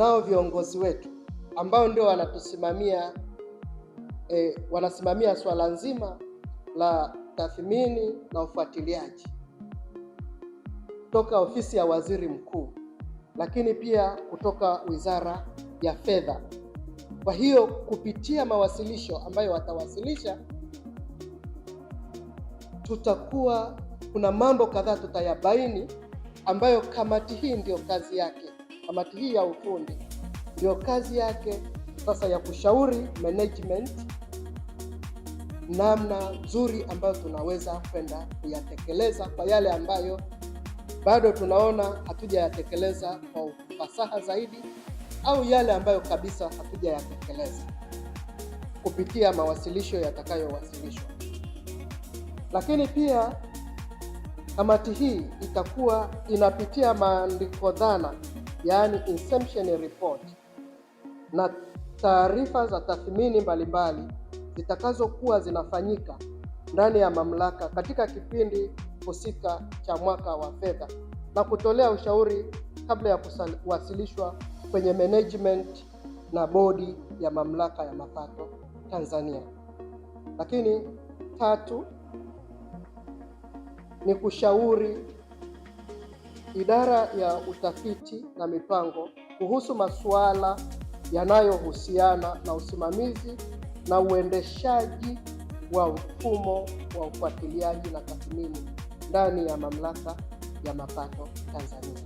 tunao viongozi wetu ambao ndio wanatusimamia e, wanasimamia swala nzima la tathmini na ufuatiliaji kutoka ofisi ya waziri mkuu, lakini pia kutoka wizara ya fedha. Kwa hiyo kupitia mawasilisho ambayo watawasilisha, tutakuwa kuna mambo kadhaa tutayabaini, ambayo kamati hii ndio kazi yake. Kamati hii ya ufundi ndio kazi yake sasa ya kushauri management namna nzuri ambayo tunaweza kwenda kuyatekeleza kwa yale ambayo bado tunaona hatujayatekeleza kwa ufasaha zaidi, au yale ambayo kabisa hatujayatekeleza kupitia mawasilisho yatakayowasilishwa. Lakini pia kamati hii itakuwa inapitia maandiko dhana yaani inception report na taarifa za tathmini mbalimbali zitakazokuwa zinafanyika ndani ya mamlaka katika kipindi husika cha mwaka wa fedha na kutolea ushauri kabla ya kuwasilishwa kwenye management na bodi ya mamlaka ya mapato Tanzania. Lakini tatu ni kushauri idara ya utafiti na mipango kuhusu masuala yanayohusiana na usimamizi na uendeshaji wa mfumo wa ufuatiliaji na tathmini ndani ya Mamlaka ya Mapato Tanzania.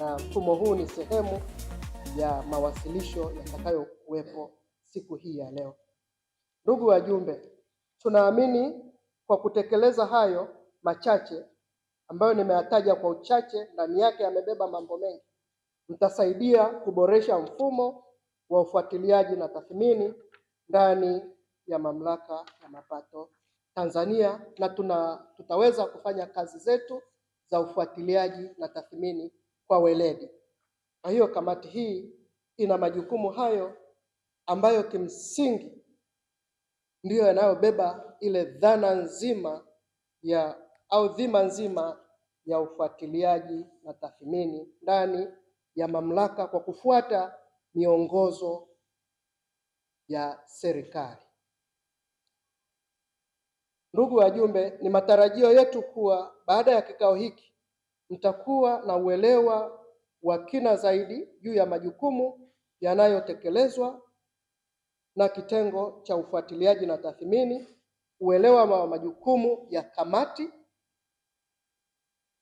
Na mfumo huu ni sehemu ya mawasilisho yatakayokuwepo siku hii ya leo. Ndugu wajumbe, tunaamini kwa kutekeleza hayo machache ambayo nimeyataja kwa uchache, ndani yake yamebeba mambo mengi, mtasaidia kuboresha mfumo wa ufuatiliaji na tathmini ndani ya Mamlaka ya Mapato Tanzania na tuna, tutaweza kufanya kazi zetu za ufuatiliaji na tathmini kwa weledi. Kwa hiyo kamati hii ina majukumu hayo ambayo kimsingi ndiyo yanayobeba ile dhana nzima ya au dhima nzima ya ufuatiliaji na tathmini ndani ya mamlaka kwa kufuata miongozo ya serikali. Ndugu wajumbe, ni matarajio yetu kuwa baada ya kikao hiki mtakuwa na uelewa wa kina zaidi juu ya majukumu yanayotekelezwa na kitengo cha ufuatiliaji na tathmini, uelewa wa majukumu ya kamati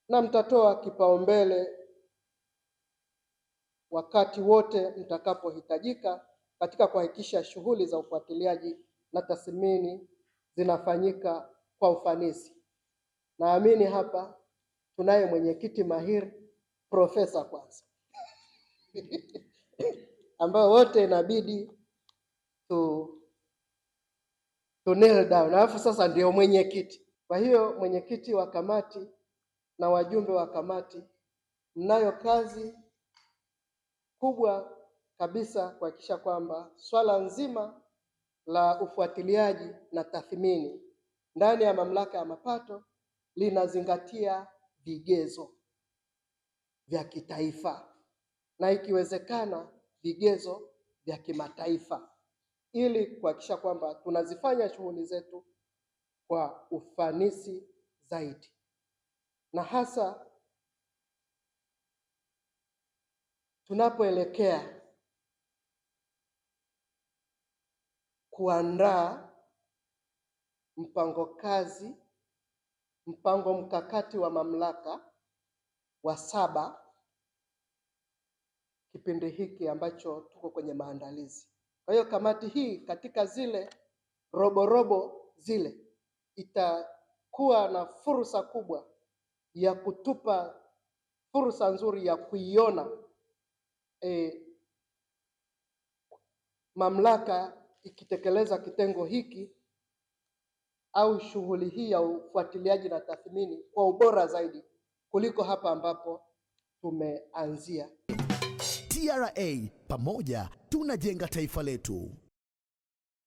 na mtatoa kipaumbele wakati wote mtakapohitajika katika kuhakikisha shughuli za ufuatiliaji na tathmini zinafanyika kwa ufanisi. Naamini hapa tunaye mwenyekiti mahiri profesa kwanza ambayo wote inabidi tu to nail down, alafu sasa ndio mwenyekiti. Kwa hiyo mwenyekiti wa kamati na wajumbe wa kamati, mnayo kazi kubwa kabisa kuhakikisha kwamba swala nzima la ufuatiliaji na tathmini ndani ya Mamlaka ya Mapato linazingatia vigezo vya kitaifa na ikiwezekana vigezo vya kimataifa ili kuhakikisha kwamba tunazifanya shughuli zetu kwa ufanisi zaidi na hasa tunapoelekea kuandaa mpango kazi, mpango mkakati wa mamlaka wa saba kipindi hiki ambacho tuko kwenye maandalizi. Kwa hiyo kamati hii katika zile roborobo robo zile itakuwa na fursa kubwa ya kutupa fursa nzuri ya kuiona e, mamlaka ikitekeleza kitengo hiki au shughuli hii ya ufuatiliaji na tathmini kwa ubora zaidi kuliko hapa ambapo tumeanzia. TRA pamoja tunajenga taifa letu.